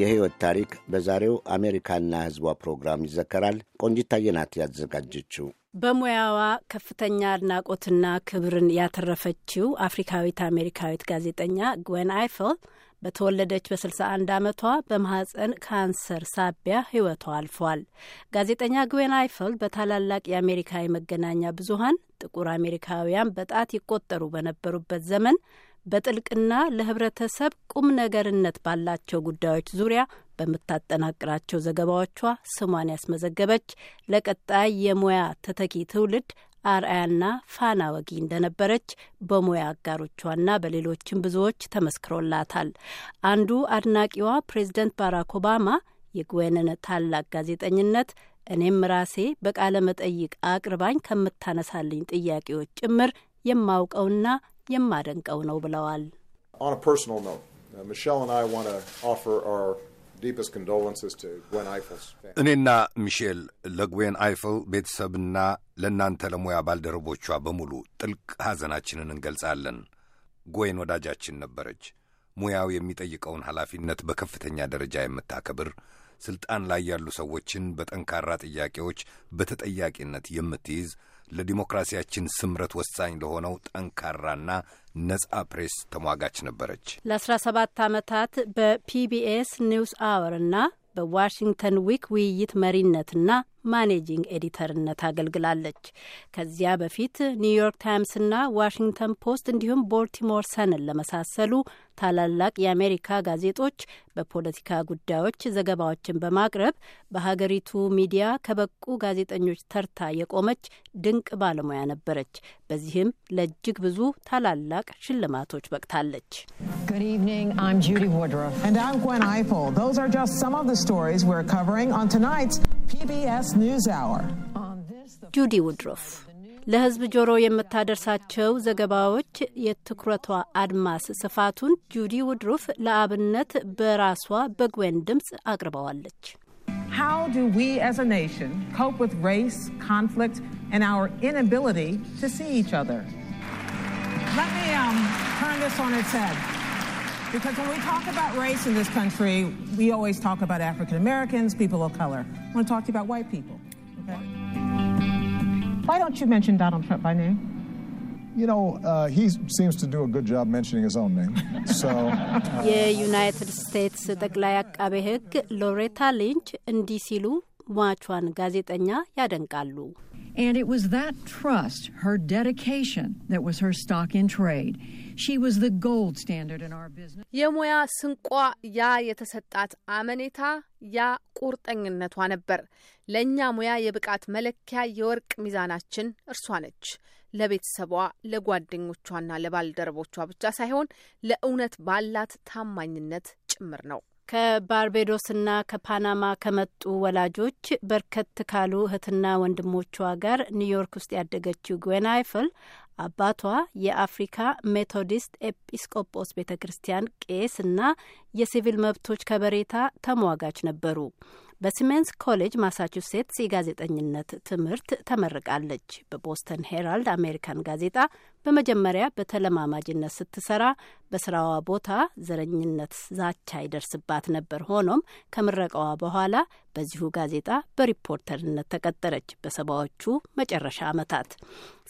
የሕይወት ታሪክ በዛሬው አሜሪካና ሕዝቧ ፕሮግራም ይዘከራል። ቆንጂታዬ ናት ያዘጋጀችው። በሙያዋ ከፍተኛ አድናቆትና ክብርን ያተረፈችው አፍሪካዊት አሜሪካዊት ጋዜጠኛ ግዌን አይፈል በተወለደች በ61 ዓመቷ በማህፀን ካንሰር ሳቢያ ህይወቷ አልፏል። ጋዜጠኛ ግዌን አይፈል በታላላቅ የአሜሪካ የመገናኛ ብዙኃን ጥቁር አሜሪካውያን በጣት ይቆጠሩ በነበሩበት ዘመን በጥልቅና ለህብረተሰብ ቁም ነገርነት ባላቸው ጉዳዮች ዙሪያ በምታጠናቅራቸው ዘገባዎቿ ስሟን ያስመዘገበች ለቀጣይ የሙያ ተተኪ ትውልድ አርአያና ፋና ወጊ እንደነበረች በሙያ አጋሮቿና በሌሎችም ብዙዎች ተመስክሮላታል። አንዱ አድናቂዋ ፕሬዚደንት ባራክ ኦባማ የጉዌንን ታላቅ ጋዜጠኝነት እኔም ራሴ በቃለ መጠይቅ አቅርባኝ ከምታነሳልኝ ጥያቄዎች ጭምር የማውቀውና የማደንቀው ነው ብለዋል። uh, እኔና ሚሼል ለግዌን አይፍል ቤተሰብና ለእናንተ ለሙያ ባልደረቦቿ በሙሉ ጥልቅ ሐዘናችንን እንገልጻለን። ጎይን ወዳጃችን ነበረች። ሙያው የሚጠይቀውን ኃላፊነት በከፍተኛ ደረጃ የምታከብር ሥልጣን ላይ ያሉ ሰዎችን በጠንካራ ጥያቄዎች በተጠያቂነት የምትይዝ ለዲሞክራሲያችን ስምረት ወሳኝ ለሆነው ጠንካራና ነጻ ፕሬስ ተሟጋች ነበረች። ለ17 ዓመታት በፒቢኤስ ኒውስ አወር እና በዋሽንግተን ዊክ ውይይት መሪነትና ማኔጂንግ ኤዲተርነት አገልግላለች። ከዚያ በፊት ኒውዮርክ ታይምስና ዋሽንግተን ፖስት እንዲሁም ቦልቲሞር ሰንን ለመሳሰሉ ታላላቅ የአሜሪካ ጋዜጦች በፖለቲካ ጉዳዮች ዘገባዎችን በማቅረብ በሀገሪቱ ሚዲያ ከበቁ ጋዜጠኞች ተርታ የቆመች ድንቅ ባለሙያ ነበረች። በዚህም ለእጅግ ብዙ ታላላቅ ሽልማቶች በቅታለች። Judy ጁዲ ውድሮፍ ለህዝብ ጆሮ የምታደርሳቸው ዘገባዎች የትኩረቷ አድማስ ስፋቱን ጁዲ ውድሩፍ ለአብነት በራሷ በግዌን ድምፅ አቅርበዋለች። Let me um, turn this on its head. Because when we talk about race in this country, we always talk about African Americans, people of color. I want to talk to you about white people. Okay? Why don't you mention Donald Trump by name? You know, uh, he seems to do a good job mentioning his own name. So, የዩናይትድ ስቴትስ ጠቅላይ አቃቤ ሕግ ሎሬታ ሊንች እንዲህ ሲሉ ሟቿን ጋዜጠኛ ያደንቃሉ። And it was that trust, her dedication, that was her stock in trade. She was the gold standard in our business. የሙያ ስንቋ ያ የተሰጣት አመኔታ ያ ቁርጠኝነቷ ነበር። ለእኛ ሙያ የብቃት መለኪያ የወርቅ ሚዛናችን እርሷ ነች። ለቤተሰቧ ለጓደኞቿና ለባልደረቦቿ ብቻ ሳይሆን ለእውነት ባላት ታማኝነት ጭምር ነው። ከባርቤዶስና ከፓናማ ከመጡ ወላጆች በርከት ካሉ እህትና ወንድሞቿ ጋር ኒውዮርክ ውስጥ ያደገችው ግዌን አይፍል አባቷ የአፍሪካ ሜቶዲስት ኤጲስቆጶስ ቤተ ክርስቲያን ቄስ እና የሲቪል መብቶች ከበሬታ ተሟጋች ነበሩ። በሲሜንስ ኮሌጅ ማሳቹሴትስ የጋዜጠኝነት ትምህርት ተመርቃለች። በቦስተን ሄራልድ አሜሪካን ጋዜጣ በመጀመሪያ በተለማማጅነት ስትሰራ በስራዋ ቦታ ዘረኝነት ዛቻ ይደርስባት ነበር። ሆኖም ከምረቃዋ በኋላ በዚሁ ጋዜጣ በሪፖርተርነት ተቀጠረች። በሰባዎቹ መጨረሻ ዓመታት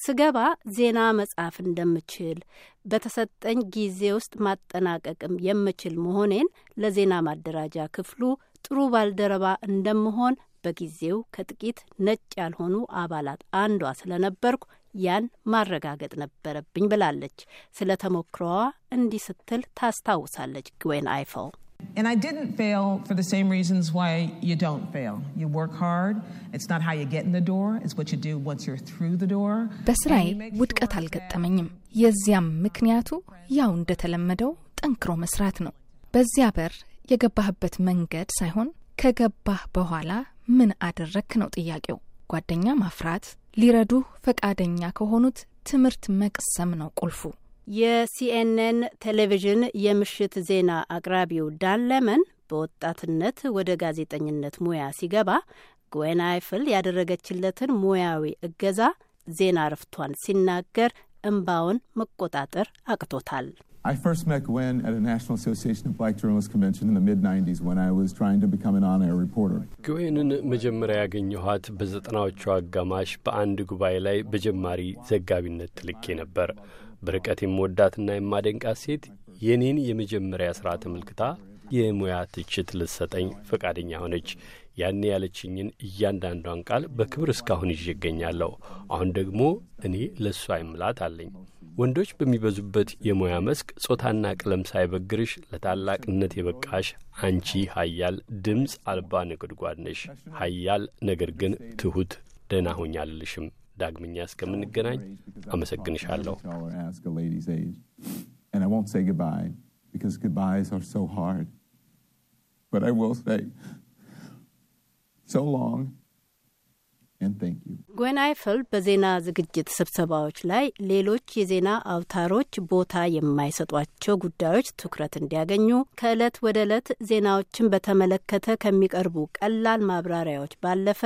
ስገባ ዜና መጻፍ እንደምችል በተሰጠኝ ጊዜ ውስጥ ማጠናቀቅም የምችል መሆኔን ለዜና ማደራጃ ክፍሉ ጥሩ ባልደረባ እንደምሆን በጊዜው ከጥቂት ነጭ ያልሆኑ አባላት አንዷ ስለነበርኩ ያን ማረጋገጥ ነበረብኝ ብላለች። ስለ ተሞክሮዋ እንዲህ ስትል ታስታውሳለች ግዌን አይፈው And I didn't fail for the same reasons why you don't fail. You work hard. It's not how you get in the door. It's what you do once you're through the door. በስራዬ ውድቀት አልገጠመኝም። የዚያም ምክንያቱ ያው እንደተለመደው ጠንክሮ መስራት ነው። በዚያ በር የገባህበት መንገድ ሳይሆን ከገባህ በኋላ ምን አደረግክ ነው ጥያቄው። ጓደኛ ማፍራት ሊረዱ ፈቃደኛ ከሆኑት ትምህርት መቅሰም ነው ቁልፉ። የሲኤንኤን ቴሌቪዥን የምሽት ዜና አቅራቢው ዳን ለመን በወጣትነት ወደ ጋዜጠኝነት ሙያ ሲገባ ግዌን አይፍል ያደረገችለትን ሙያዊ እገዛ ዜና እረፍቷን ሲናገር እምባውን መቆጣጠር አቅቶታል። I first met Gwen at a National Association of Black Journalists convention in the mid 90s when I was trying to become an on air reporter. ግዌንን መጀመሪያ ያገኘኋት በዘጠናዎቹ አጋማሽ በአንድ ጉባኤ ላይ በጀማሪ ዘጋቢነት ትልኬ ነበር። በርቀት የምወዳትና የማደንቃት ሴት የኔን የመጀመሪያ ስራ ተመልክታ የሙያ ትችት ልትሰጠኝ ፈቃደኛ ሆነች። ያኔ ያለችኝን እያንዳንዷን ቃል በክብር እስካሁን ይዤ እገኛለሁ። አሁን ደግሞ እኔ ለእሷ አይምላት አለኝ። ወንዶች በሚበዙበት የሙያ መስክ ጾታና ቀለም ሳይበግርሽ ለታላቅነት የበቃሽ አንቺ ሀያል ድምፅ አልባ ነጎድጓድ ነሽ። ሀያል ነገር ግን ትሁት ደህና ሆኛልሽም። ዳግመኛ እስከምንገናኝ አመሰግንሻለሁ። So long. ግዌንአይፈል በዜና ዝግጅት ስብሰባዎች ላይ ሌሎች የዜና አውታሮች ቦታ የማይሰጧቸው ጉዳዮች ትኩረት እንዲያገኙ ከእለት ወደ ዕለት ዜናዎችን በተመለከተ ከሚቀርቡ ቀላል ማብራሪያዎች ባለፈ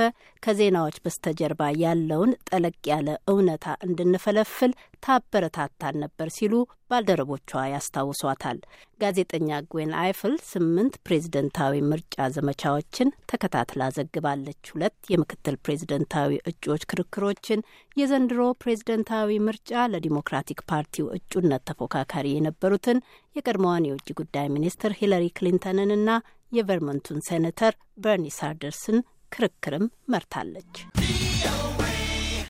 ከዜናዎች በስተጀርባ ያለውን ጠለቅ ያለ እውነታ እንድንፈለፍል ታበረታታን ነበር ሲሉ ባልደረቦቿ ያስታውሷታል። ጋዜጠኛ ጉዌን አይፍል ስምንት ፕሬዝደንታዊ ምርጫ ዘመቻዎችን ተከታትላ ዘግባለች። ሁለት የምክትል ፕሬዝደንታዊ እጩዎች ክርክሮችን፣ የዘንድሮ ፕሬዝደንታዊ ምርጫ ለዲሞክራቲክ ፓርቲው እጩነት ተፎካካሪ የነበሩትን የቀድሞዋን የውጭ ጉዳይ ሚኒስትር ሂለሪ ክሊንተንንና የቨርመንቱን ሴኔተር በርኒ ሳንደርስን ክርክርም መርታለች።